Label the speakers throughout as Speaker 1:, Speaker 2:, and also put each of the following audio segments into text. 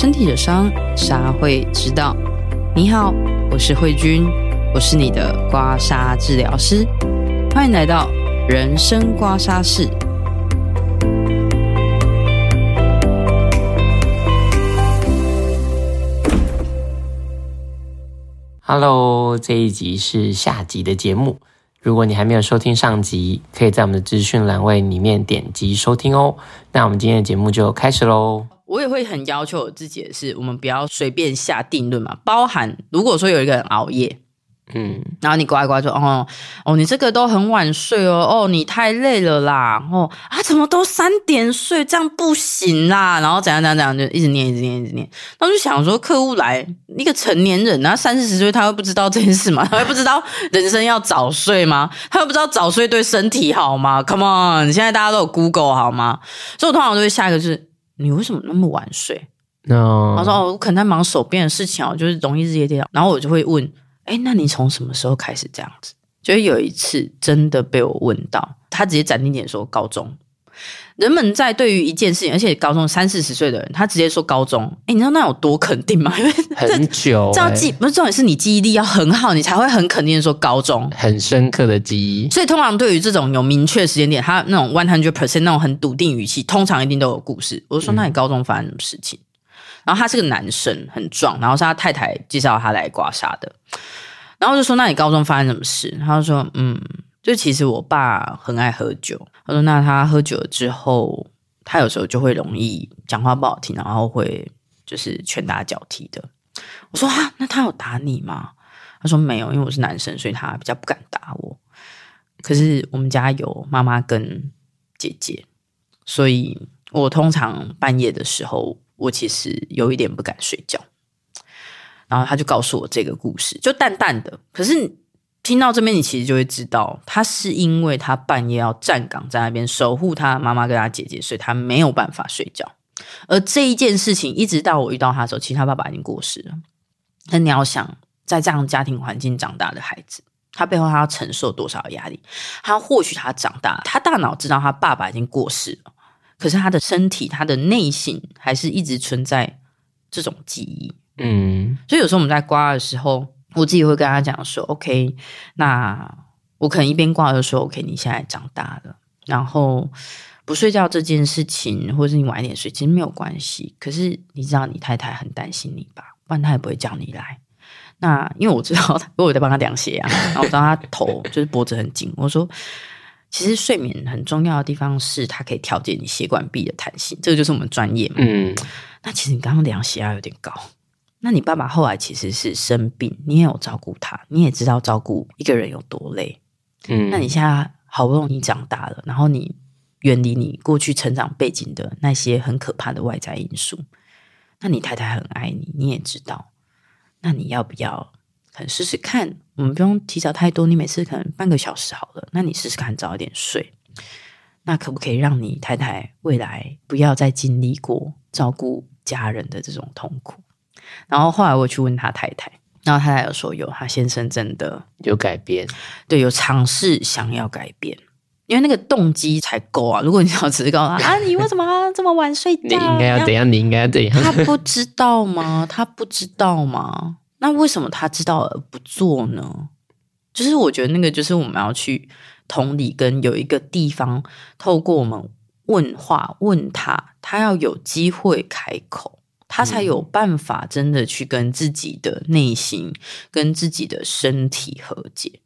Speaker 1: 身體的傷，痧會知道。你好，我是卉君，我是你的刮痧治療師，歡迎來到人生刮痧室。
Speaker 2: Hello，這一集是下集的節目。如果你還沒有收聽上集，可以在我們的資訊欄位裡面點擊收聽哦。那我們今天的節目就開始嘍。
Speaker 1: 我也會很要求我自己的是，我們不要隨便下定論嘛。包含如果說有一個人熬夜，嗯，然後你刮一刮說，哦哦，你這個都很晚睡哦，哦，你太累了啦，哦啊，怎麼都三點睡，這樣不行啦，然後怎樣怎樣怎樣就一直念，一直念，一直念。那我就想說，客戶來一個成年人那三四十歲，他會不知道這件事嗎？他會不知道人生要早睡嗎？他會不知道早睡對身體好嗎？Come on，現在大家都有 Google 好嗎？所以我通常都會下一個、就是。你為什麼那麼晚睡？我、no. 說哦，我可能在忙手邊的事情哦，就是容易日夜顛倒。然後我就會問，誒，那你從什麼時候開始這樣子？就是有一次真的被我問到，他直接斬釘截鐵說，高中。人們在對於一件事情，而且高中三四十歲的人，他直接說高中，哎、欸，你知道那有多肯定嗎？因 為這很久、欸、這樣記，不是，重點是你記憶力要很好，你才會很肯定的說高中，
Speaker 2: 很深刻的記憶。
Speaker 1: 所以通常對於這種有明確時間點，他那種 one hundred percent 那種很篤定語氣，通常一定都有故事。我就說，那你高中發生什麼事情，嗯？然後他是個男生，很壯，然後是他太太介紹他來刮痧的，然後我就說，那你高中發生什麼事？他就說嗯。就其實我爸很愛喝酒，他說：“那他喝酒了之後，他有時候就會容易講話不好聽，然後會就是拳打腳踢的。”我說：“啊，那他有打你嗎？”他說：“沒有，因為我是男生，所以他比較不敢打我。可是我們家有媽媽跟姐姐，所以我通常半夜的時候，我其實有一點不敢睡覺。然後他就告訴我這個故事，就淡淡的，可是。”聽到這邊，你其實就會知道，他是因為他半夜要站崗在那邊守護他媽媽跟他姐姐，所以他沒有辦法睡覺。而這一件事情，一直到我遇到他的時候，其實他爸爸已經過世了。那你要想，在這樣家庭環境長大的孩子，他背後他要承受多少壓力？他或許他長大，他大腦知道他爸爸已經過世了，可是他的身體、他的內心還是一直存在這種記憶。嗯，所以有時候我們在刮的時候，我自己會跟他講說，OK，那我可能一邊掛著說，OK，你現在長大了，然後不睡覺這件事情，或者是你晚一點睡，其實沒有關係。可是你知道你太太很擔心你吧？不然她也不會叫你來。那因為我知道，我有在幫他量血壓，然後我知道他頭就是脖子很緊。 我說，其實睡眠很重要的地方是，它可以調節你血管壁的彈性。這個就是我們專業嘛。嗯，那其實你剛剛量血壓有點高。那你爸爸後來其實是生病，你也有照顧他，你也知道照顧一個人有多累。嗯，
Speaker 2: 那你現
Speaker 1: 在好不容易長大了，然後你遠離你過去成長背景的那些很可怕的外在因素。那你太太很愛你，你也知道。那你要不要？可能試試看，我們不用提早太多，你每次可能半個小時好了。那你試試看早一點睡，那可不可以讓你太太未來不要再經歷過照顧家人的這種痛苦？然後後來我去問他太太，然後太太有說有，他先生真的有改變，對，有嘗試想要改變，因為那個動機才夠啊。如果你要直接告訴他啊，你為什麼這麼晚睡覺？ 你應該要怎樣，你應該要怎樣。 他不知道嗎？他不知道嗎？那為什麼他知道而不做呢？就是我覺得那個就是我們要去同理，跟有一個地方透過我們問話問他，他要有機會開口。他才有辦法真的去跟自己的內心、嗯、跟自己的身體和解。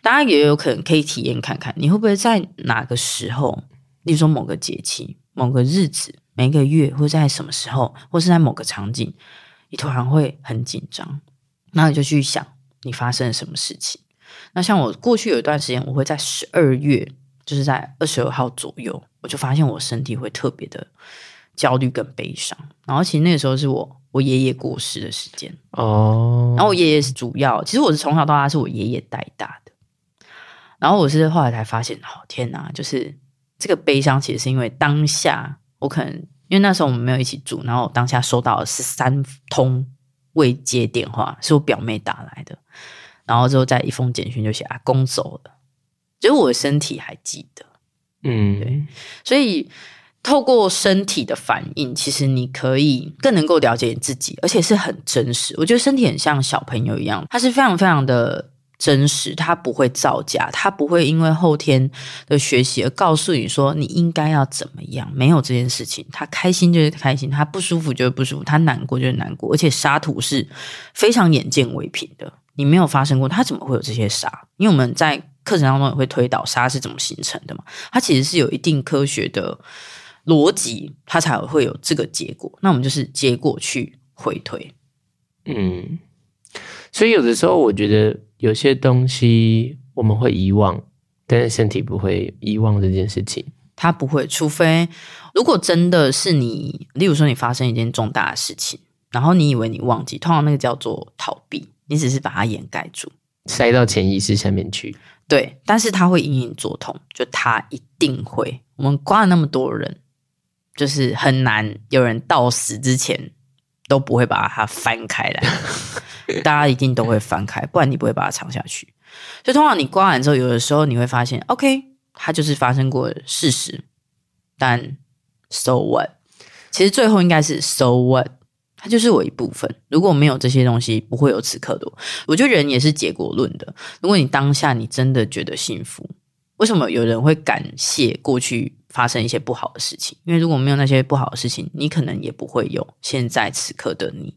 Speaker 1: 大家也有可能可以體驗看看，你會不會在哪個時候，例如說某個節氣、某個日子、每個月，或在什麼時候，或是在某個場景，你突然會很緊張，那你就去想你發生了什麼事情。那像我過去有一段時間，我會在十二月，就是在二十二號左右，我就發現我身體會特別的，焦慮跟悲傷，然後其實那個時候是我我爺爺過世的時間哦，oh. 然後我爺爺是主要，其實我是從小到大是我爺爺帶大的，然後我是後來才發現，哦天吶，就是這個悲傷其實是因為當下我可能因為那時候我們沒有一起住，然後我當下收到了十三通未接電話，是我表妹打來的，然後之後再一封簡訊就寫阿公走了，只有我的身體還記得，嗯、mm.，對，所以。透過身體的反應，其實你可以更能夠了解你自己，而且是很真實。我覺得身體很像小朋友一樣，它是非常非常的真實，它不會造假，它不會因為後天的學習而告訴你說你應該要怎麼樣。沒有這件事情，他開心就是開心，他不舒服就是不舒服，他難過就是難過。而且痧都是非常眼見為憑的，你沒有發生過，它怎麼會有這些痧？因為我們在課程當中也會推導痧是怎麼形成的嘛，它其實是有一定科學的。邏輯，它才會有這個結果。那我們就是結果去回推。嗯，所以
Speaker 2: 有的時候，我覺得有些東西我們會遺忘，但是身體不會
Speaker 1: 遺忘這件事情。它不會，除非如果真的是你，例如說你發生一件重大的事情，然後你以為你忘記，通常那個叫做逃避，你只是把它掩蓋住，塞到潛意識下面去。對，但是它會隱隱作痛，就它一定會。我們刮了那麼多人。就是很難有人到死之前都不會把它翻開來，大家一定都會翻開，不然你不會把它藏下去。所以通常你刮完之後，有的時候你會發現，OK，它就是發生過事實。但 so what？其實最後應該是 so what？它就是我一部分。如果沒有這些東西，不會有此刻的我。我覺得人也是結果論的。如果你當下你真的覺得幸福。為什麼有人會感謝過去發生一些不好的事情？因為如果沒有那些不好的事情，你可能也不會有現在此刻的你。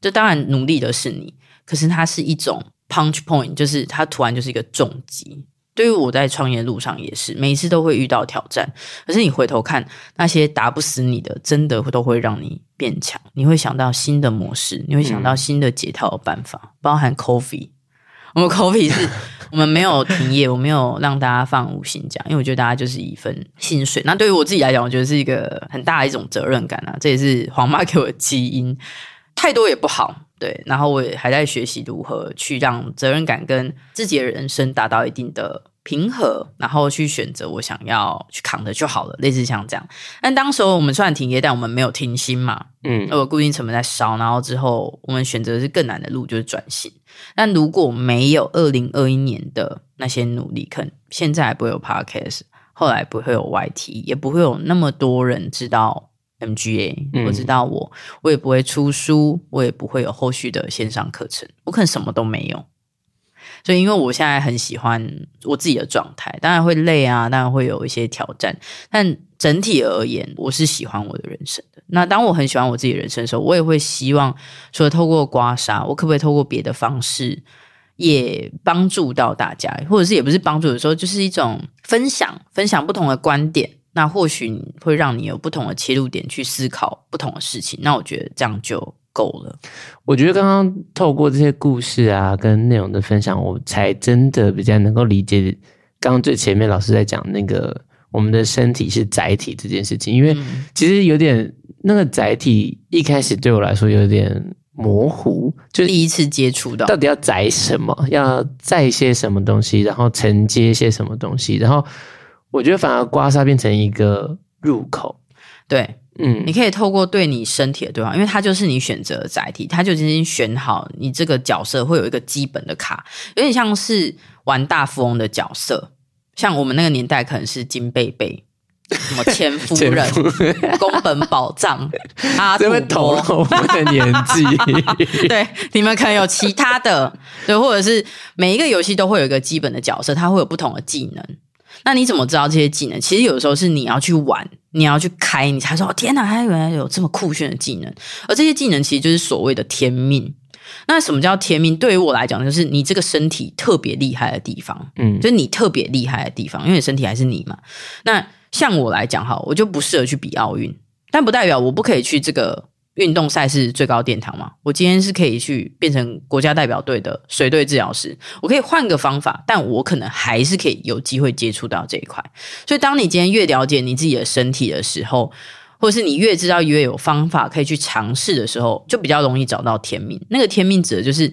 Speaker 1: 這當然努力的是你，可是它是一種 punch point，就是它突然就是一個重擊。對於我在創業路上也是，每一次都會遇到挑戰，可是你回頭看那些打不死你的，真的都會讓你變強。你會想到新的模式，你會想到新的解套辦法，嗯，包含 coffee。我們口 o 是，我們沒有停業， 我沒有讓大家放五星假，因為我覺得大家就是一份薪水。那對於我自己來講，我覺得是一個很大的一種責任感啊，這也是黃媽給我的基因，太多也不好。對，然後我也還在學習如何去讓責任感跟自己的人生達到一定的平和，然後去選擇我想要去扛的就好了，類似像這樣。但當時候我們雖然停業，但我們沒有停薪嘛，嗯，我固定成本在燒，然後之後我們選擇是更難的路，就是轉型。但如果沒有二零二一年的那些努力，可能現在不會有 Podcast，後來不會有 YT，也不會有那麼多人知道 MGA，嗯。我知道我，我也不會出書，我也不會有後續的線上課程，我可能什麼都沒有。所以，因為我現在很喜歡我自己的狀態，當然會累啊，當然會有一些挑戰，但整體而言，我是喜歡我的人生的。那當我很喜歡我自己人生的時候，我也會希望說，透過刮痧，我可不可以透過別的方式也幫助到大家，或者是也不是幫助的時候，就是一種分享，分享不同的觀點，那或許會讓你有不同的切入點去思考不同的事情。那我覺得這樣就夠了，
Speaker 2: 我覺得剛剛透過這些故事啊，跟內容的分享，我才真的比較能夠理解剛剛最前面老師在講那個我們的身體是載體這件事情，因為其實有點、嗯、那個載體一開始對我來說有點模糊，就第一次接觸到，到底要載什麼，要載些什麼東西，然後承接一些什麼東西，然後我覺得反而刮痧變成一個入口，對。嗯，你
Speaker 1: 可以透過對你身體的對話，因為它就是你選擇的載體，他就已經選好你這個角色會有一個基本的卡，有點像是玩大富翁的角色，像我們那個年代可能是金貝貝、什麼錢夫人、宮 本寶寶藏啊，這邊同同的年紀，
Speaker 2: 對，
Speaker 1: 你們可能有其他的，對，或者是每一個遊戲都會有一個基本的角色，他會有不同的技能，那你怎麼知道這些技能？其實有的時候是你要去玩。你要去開，你才說天哪，還原來有這麼酷炫的技能。而這些技能其實就是所謂的天命。那什麼叫天命？對於我來講，就是你這個身體特別厲害的地方，嗯，就是你特別厲害的地方，因為你身體還是你嘛。那像我來講，哈，我就不適合去比奧運，但不代表我不可以去這個。運動賽事最高殿堂嘛，我今天是可以去變成國家代表隊的隨隊治療師，我可以換個方法，但我可能還是可以有機會接觸到這一塊。所以，當你今天越了解你自己的身體的時候，或是你越知道越有方法可以去嘗試的時候，就比較容易找到天命。那個天命指的就是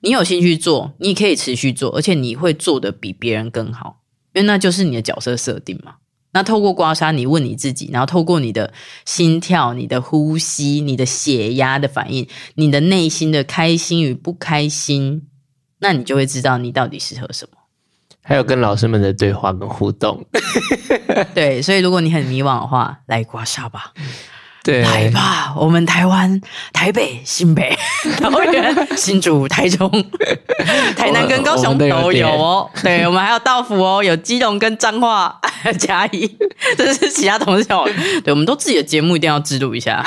Speaker 1: 你有興趣做，你可以持續做，而且你會做得比別人更好，因爲那就是你的角色設定嘛。那透過刮痧，你問你自己，然後透過你的心跳、你的呼吸、你的血壓的反應、你的內心的開心與不開心，那你就會知道你到底適合什麼。
Speaker 2: 還有跟老師們的對話跟互動，
Speaker 1: 對，所以如果你很迷惘的話，來刮痧吧。對，來吧，我們台灣台北、新北、桃園、 新竹、台中、
Speaker 2: 台南跟高雄都有，都有，有
Speaker 1: 哦。對， 我們還有到府哦，有基隆跟彰化、嘉義，這是其他同事講。 對，我們都自己的節目一定要記錄一下，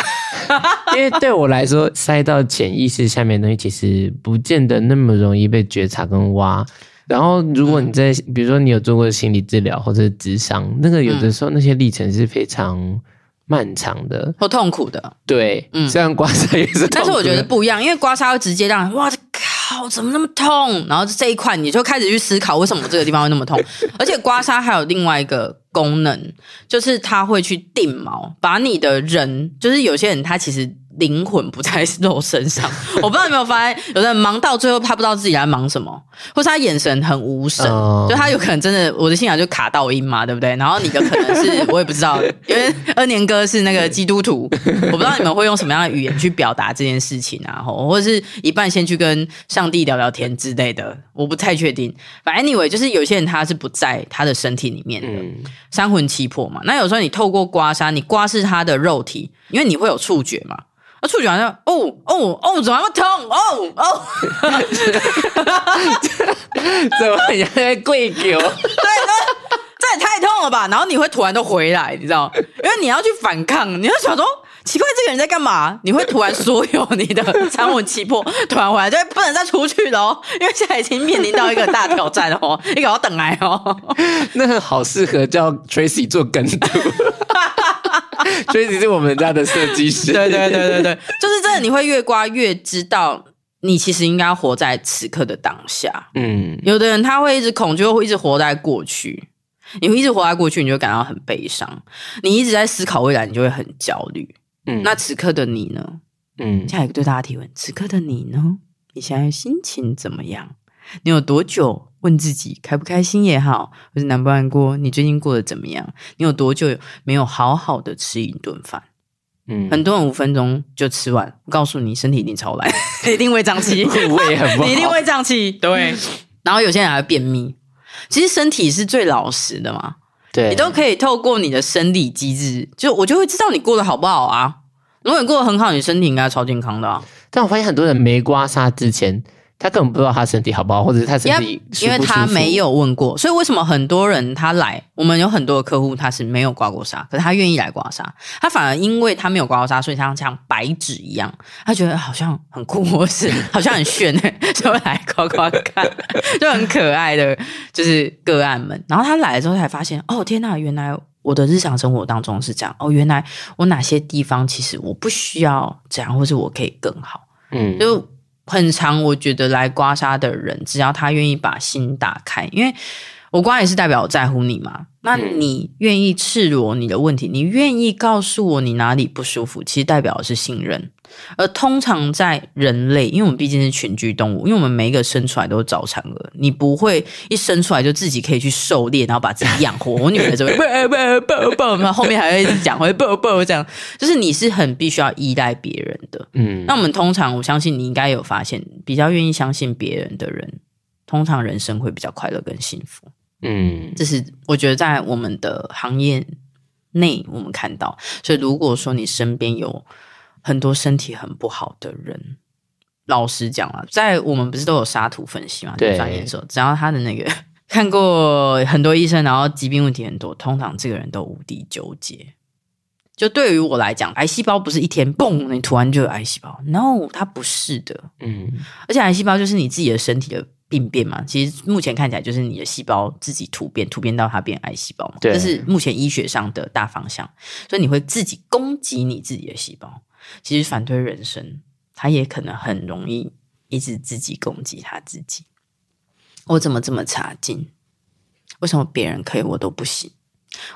Speaker 2: 因為對我來說，塞到潛意識下面的東西其實不見得那麼容易被覺察跟挖。然後，如果你在、嗯、比如說你有做過心理治療或者是諮商，那個有的時候那些歷程是非常。漫長的，或痛苦的，對，嗯，雖然刮痧也是痛苦，但是我覺得
Speaker 1: 不一樣，因為刮痧會直接讓人，哇這靠，怎麼那麼痛？然後這一塊你就開始去思考，為什麼這個地方會那麼痛？ 而且刮痧還有另外一個功能，就是它會去定毛，把你的人，就是有些人他其實。靈魂不在肉身上， 我不知道有沒有發現，有的人忙到最後他不知道自己在忙什麼，或是他眼神很無神，oh. 就他有可能真的我的信仰就卡到陰嘛，對不對？然後你的可能是 我也不知道，因為二年哥是那個基督徒，我不知道你們會用什麼樣的語言去表達這件事情啊，或者是一半先去跟上帝聊聊天之類的，我不太確定。反正 anyway 就是有些人他是不在他的身體裡面的，嗯，三魂七魄嘛。那有時候你透過刮痧，你刮是他的肉體，因為你會有觸覺嘛。出去好像哦哦哦，怎麼那麼痛哦哦，怎麼在跪求？ 對啊，這也太痛了吧！然後你會突然都回來，你知道？因為你要去反抗，你要想說奇怪，這個人在幹嘛？你會突然所有你的三魂七魄突然回來，就不能再出去了，因為現在已經面臨到一個大挑戰哦，你給我等來哦， 那個好適
Speaker 2: 合叫 Tracy 做跟讀。所以你是我們家的設計師， 對對對對對，
Speaker 1: 就是真的，你會越刮越知道，你其實應該活在此刻的當下。嗯，有的人他會一直恐懼，會一直活在過去，你會一直活在過去，你就感到很悲傷。你一直在思考未來，你就會很焦慮。嗯，那此刻的你呢？嗯，下一個對大家提問：此刻的你呢？你現在心情怎麼樣？你有多久問自己開不開心也好，或者難不難過？你最近過得怎麼樣？你有多久沒有好好的吃一頓飯？嗯，很多人五分鐘就吃完。我告訴你，身體一定超爛 一定會脹氣，胃也 很不好， 你一定會脹氣。對。 然後有些人還便秘。其實身體是最老實的嘛。對。你都可以透過你的生理機製，就我就會知道你過得好不好啊。如果你過得很好，你身體應該超健康的啊。但我發現很多人沒刮痧之前。他根本不知道他身體好不好，或者是他身體。因為，因為他沒有問過，所以為什麼很多人他來，我們有很多的客戶他是沒有刮過痧，可是他願意來刮痧。他反而因為他沒有刮過痧，所以他像白紙一樣，他覺得好像很酷，或是好像很炫，欸，哎， 就會來刮刮看，就很可愛的，就是個案們。然後他來了之後才發現，哦天吶，原來我的日常生活當中是這樣。哦，原來我哪些地方其實我不需要這樣，或者我可以更好。嗯，就。很常，我覺得來刮痧的人，只要他願意把心打開，因為。我刮也是代表我在乎你嘛，那你願意赤裸你的問題，嗯、你願意告訴我你哪裡不舒服，其實代表的是信任。而通常在人類，因為我們畢竟是群居動物，因為我們每一個生出來都是早產兒，你不會一生出來就自己可以去狩獵，然後把自己養活。 我女兒在這邊抱抱抱抱，那 後面還會講會抱抱這樣，就是你是很必須要依賴別人的。嗯，那我們通常我相信你應該有發現，比較願意相信別人的人，通常人生會比較快樂跟幸福。嗯，這是我覺得在我們的行業內，我們看到。所以如果說你身邊有很多身體很不好的人，老實講了，在我們不是都有痧圖分析嘛？對，專業說，只要他的那個看過很多醫生，然後疾病問題很多，通常這個人都無敵糾結。就對於我來講，癌細胞不是一天蹦，你突然就有癌細胞？No，它不是的。嗯，而且癌細胞就是你自己的身體的。病變嘛，其實目前看起來就是你的細胞自己突變，突變到它變癌細胞嘛。對。這是目前醫學上的大方向，所以你會自己攻擊你自己的細胞。其實反對人生，他也可能很容易一直自己攻擊他自己。我怎麼這麼差勁？為什麼別人可以，我都不行？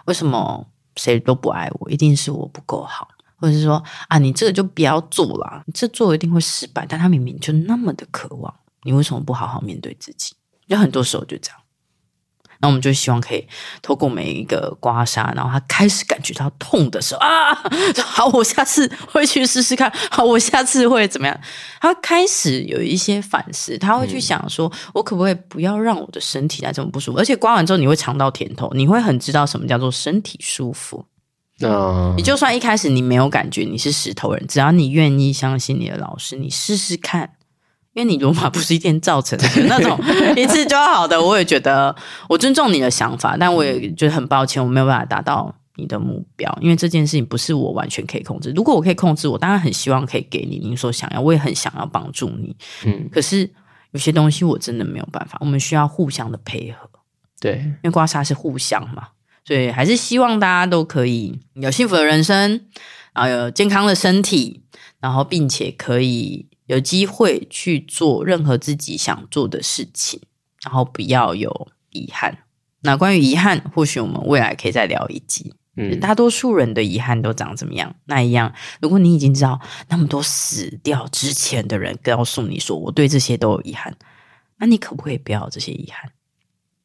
Speaker 1: 為什麼誰都不愛我？一定是我不夠好，或者是說啊，你這個就不要做了，這做一定會失敗。但他明明就那麼的渴望。你為什麼不好好面對自己？就很多時候就這樣。那我們就希望可以透過每一個刮痧，然後他開始感覺到痛的時候啊，好，我下次會去試試看。好，我下次會怎麼樣？他開始有一些反思，他會去想說，嗯、我可不可以不要讓我的身體來這麼不舒服？而且刮完之後，你會嘗到甜頭，你會很知道什麼叫做身體舒服。
Speaker 2: 嗯、你
Speaker 1: 就算一開始你沒有感覺，你是石頭人，只要你願意相信你的老師，你試試看。因為你羅馬不是一天造成的，那種 一次就好的，我也覺得我尊重你的想法，但我也覺得很抱歉，我沒有辦法達到你的目標，因為這件事情不是我完全可以控制。如果我可以控制，我當然很希望可以給你你所想要，我也很想要幫助你，嗯，可是有些東西我真的沒有辦法。我們需要互相的配合，
Speaker 2: 對，因
Speaker 1: 為刮痧是互相嘛，所以還是希望大家都可以有幸福的人生，然後有健康的身體，然後並且可以。有機會去做任何自己想做的事情，然後不要有遺憾。那關於遺憾，或許我們未來可以再聊一集。嗯、就是，大多數人的遺憾都長怎麼樣？那一樣，如果你已經知道那麼多死掉之前的人告訴你說我對這些都有遺憾，那你可不可以不要有這些遺憾？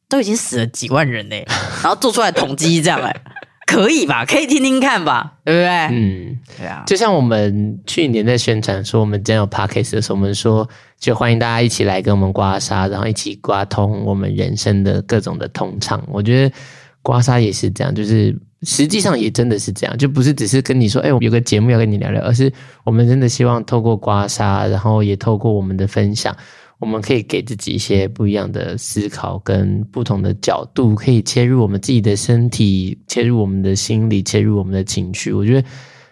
Speaker 1: 都已經死了幾萬人嘞、欸，然後做出來統計這樣來、欸。
Speaker 2: 可以吧？可以聽
Speaker 1: 聽看吧，對不對？嗯，對啊。就像我們
Speaker 2: 去年在宣傳說我們真有 podcast 的時候，我們說就歡迎大家一起來跟我們刮痧，然後一起刮通我們人生的各種的通暢。我覺得刮痧也是這樣，就是實際上也真的是這樣，就不是只是跟你說，哎，我有個節目要跟你聊聊，而是我們真的希望透過刮痧，然後也透過我們的分享。我們可以給自己一些不一樣的思考，跟不同的角度，可以切入我們自己的身體，切入我們的心理，切入我們的情緒。我覺得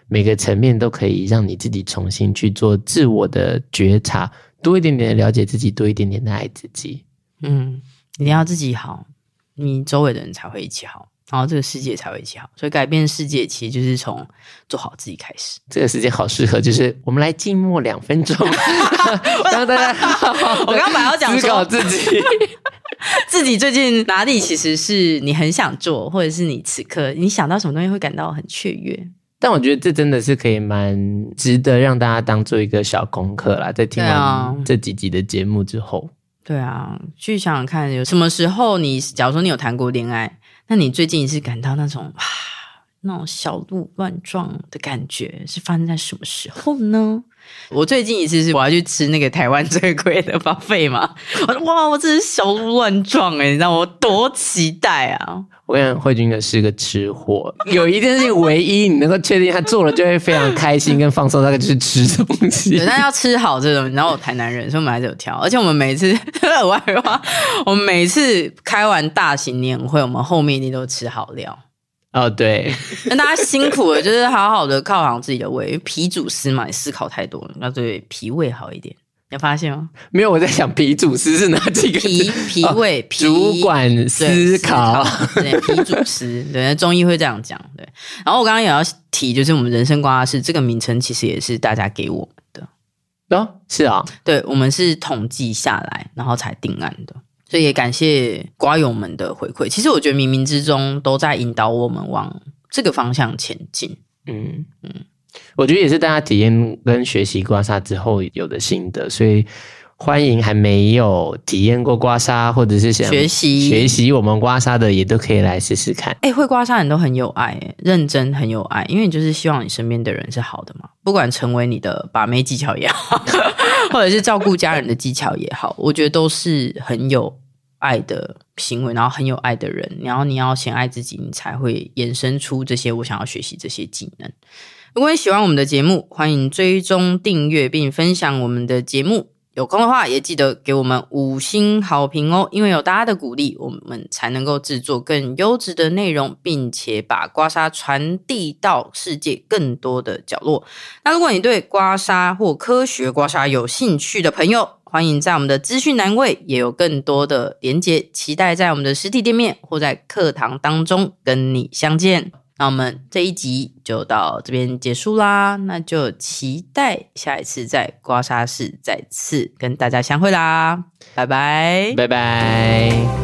Speaker 2: 每個層面都可以讓你自己重新去做自我的覺察，多一點點的了解自己，多一點點的愛
Speaker 1: 自己。嗯，你要自己好，你周圍的人才會一起好。然後這個世界才會更好，所以改變世界其實就是從做好自己開始。
Speaker 2: 這個世界好適合，就是我們來靜默兩分鐘。然
Speaker 1: 後 大家好好地思考自己，我剛剛本來要講自己， 自己最近哪裡其實是你很想做，或者是你此刻你想到什麼東西會感到很雀躍？
Speaker 2: 但我覺得這真的是可以蠻值得讓大家當做一個小功課啦。在聽完這幾集的節目之後。
Speaker 1: 對啊，去、啊、想想看，有什麼時候你，假如說你有談過戀愛？那你最近也是感到那種啊？那種小鹿亂撞的感覺是發生在什麼時候呢？我最近一次是我要去吃那個台灣最貴的 buffet 嘛，我說哇，我真是小鹿亂撞哎、欸！你知道我多期待啊！我跟你講，慧君哥
Speaker 2: 是個吃貨，
Speaker 1: 有一件事唯一你能確定他做了就會非常開心 跟放鬆，大概就是吃東西。但要吃好這種、個，你知道我台南人，所以我們還是有挑，而且我們每次， 我還說，我們每次開完大型年會，我們後面一定都吃好料。哦、oh，對，那 大家辛苦了，就是好好的犒賞自己的胃，因為脾主思嘛，你思考太多，了，那對脾胃好一點，有發現嗎？沒有，我在想脾主思是哪幾個？脾、脾胃主管思考，對，脾主思人家中醫會這樣講。對，然後我剛剛也要提，就是我們人生刮痧室是這個名稱，其實也是大家給我們的。啊、哦，是啊、哦，對，我們是統計下來，然後才定案的。所以也感謝刮友們的回饋。其實我覺得冥冥之中都在引導我們往這個方向前進。嗯
Speaker 2: 嗯，我覺得也是大家體驗跟學習刮痧之後有的心得，所以歡迎還沒有體驗過刮痧或者是想學習學習我們刮痧的，也都可以來試試看。哎、
Speaker 1: 欸，會刮痧人都很有愛、欸，認真很有愛，因為你就是希望你身邊的人是好的嘛，不管成為你的把妹技巧也好。 或者是照顧家人的技巧也好，我覺得都是很有愛的行為，然後很有愛的人。然後你要先愛自己，你才會衍生出這些我想要學習這些技能。如果你喜歡我們的節目，歡迎追蹤訂閱並分享我們的節目。有空的話，也記得給我們五星好評哦！因為有大家的鼓勵，我們才能夠制作更優質的內容，並且把刮痧傳遞到世界更多的角落。那如果你對刮痧或科學刮痧有興趣的朋友，歡迎在我們的資訊欄位也有更多的連結。期待在我們的實體店面或在課堂當中跟你相見。那我們這一集就到這邊結束啦，那就期待下一次在刮痧室再次跟大家相會啦，拜拜，拜拜。